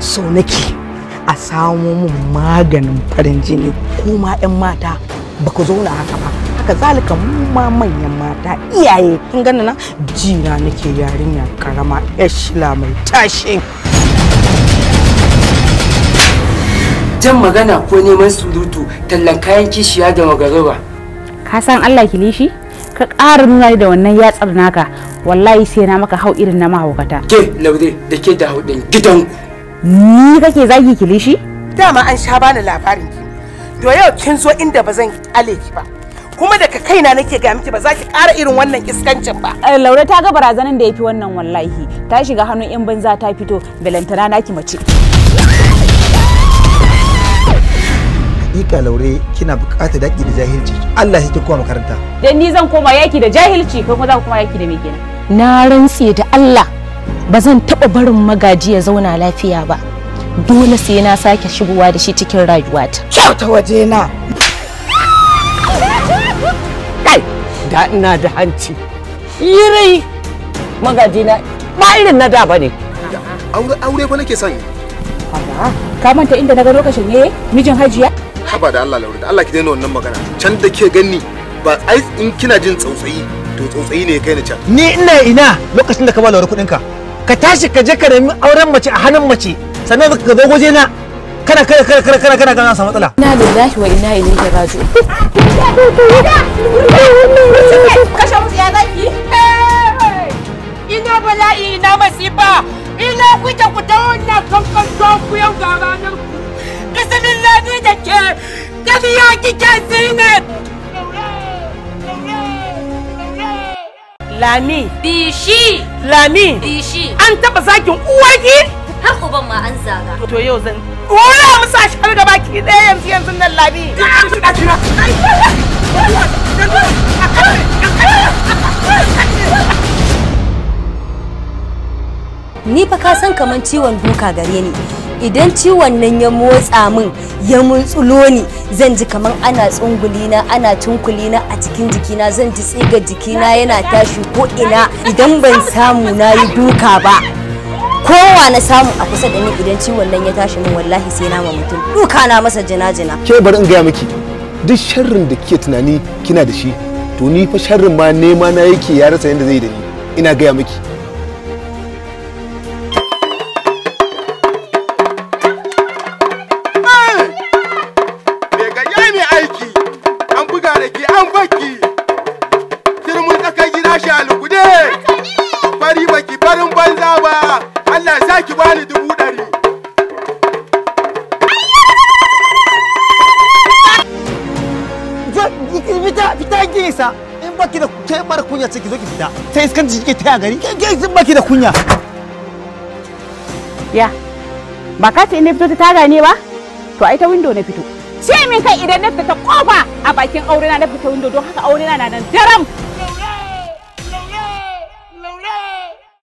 so nake a samu mun maganin farin jini kuma 'yan mata ba ku zauna haka ba haka zalika ma manyan mata iyaye kin gani na jina nake yarinya karama yashila mai tashi jan magana ko neman surutu tallan kayan kishiya da magaruba ka san Allah kilishi ka ƙara nuna da wannan yatsar naka wallahi sai na maka hau irin na mahaukata ke laure da ke da haudin gidanku ni kake zagi kilishi dama an sha bani labarin ki do yau kin zo inda bazan zan ale ki ba kuma daga kaina nake ga miki ba za ki ƙara irin wannan iskancin ba laure ta ga barazanin da yafi wannan wallahi ta shiga hannun yan banza ta fito belantana naki mace hakika laure kina buƙatar yaki da jahilci Allah ya ki koma makaranta dan ni zan koma yaki da jahilci kai kuma za ku koma yaki da me kenan na rantse da Allah ba zan taɓa barin magaji ya zauna lafiya ba dole sai na sake shigowa da shi cikin rayuwata kyauta waje na kai da ina da hanci yirai magaji na ba irin na da bane aure aure ko nake son ka manta inda na ga lokacin ne mijin hajiya haba da Allah laura da Allah ki daina wannan magana can da ke gani ba ai in kina jin tsautsayi to tsautsayi ne kai ni can ni ina ina lokacin da ka ba lauri kuɗin ka ka tashi ka je ka nemi auren mace a hannun mace sannan ka zo waje na kana kana kana kana kana kana kana samu matsala inna lillahi wa inna ilaihi raji'un kashe musu ya zaki eh, ina bala'i ina masifa ina kuta ku ta wannan kankan don ku yau gaba ranar ku kasanin lafiya da ke ki kike zinat lami bishi lami bishi an taba zakin uwarki har uban ma an zaga to yau zan ura musa da gaba ki ɗaya yanzu yanzu nan lami ka an ni fa ka san kaman ciwon duka gare ni idan ciwon nan ya motsa min ya multsulo ni zan ji kamar ana tsungulina ana tunkulina a cikin jikina zan ji tsiga jikina yana tashi ko ina idan ban samu na yi duka ba kowa na samu a kusa da ni idan ciwon nan ya tashi min wallahi sai na ma mutum duka na masa jina-jina ke bari in gaya miki duk sharrin da kike tunani kina da shi to ni fa sharrin ma nema na yake ya rasa yadda zai da ni ina gaya miki Nafisa in baki da kai mara kunya ce ki zo ki fita. Sai ji kike taya gari. Ke ke in baki da kunya. Ya. Ba ka ce in fito ta taga ne ba? To ai ta window na fito. Ce min kai idan na fita kofa a bakin aure na na fita window don haka aure na nan daram.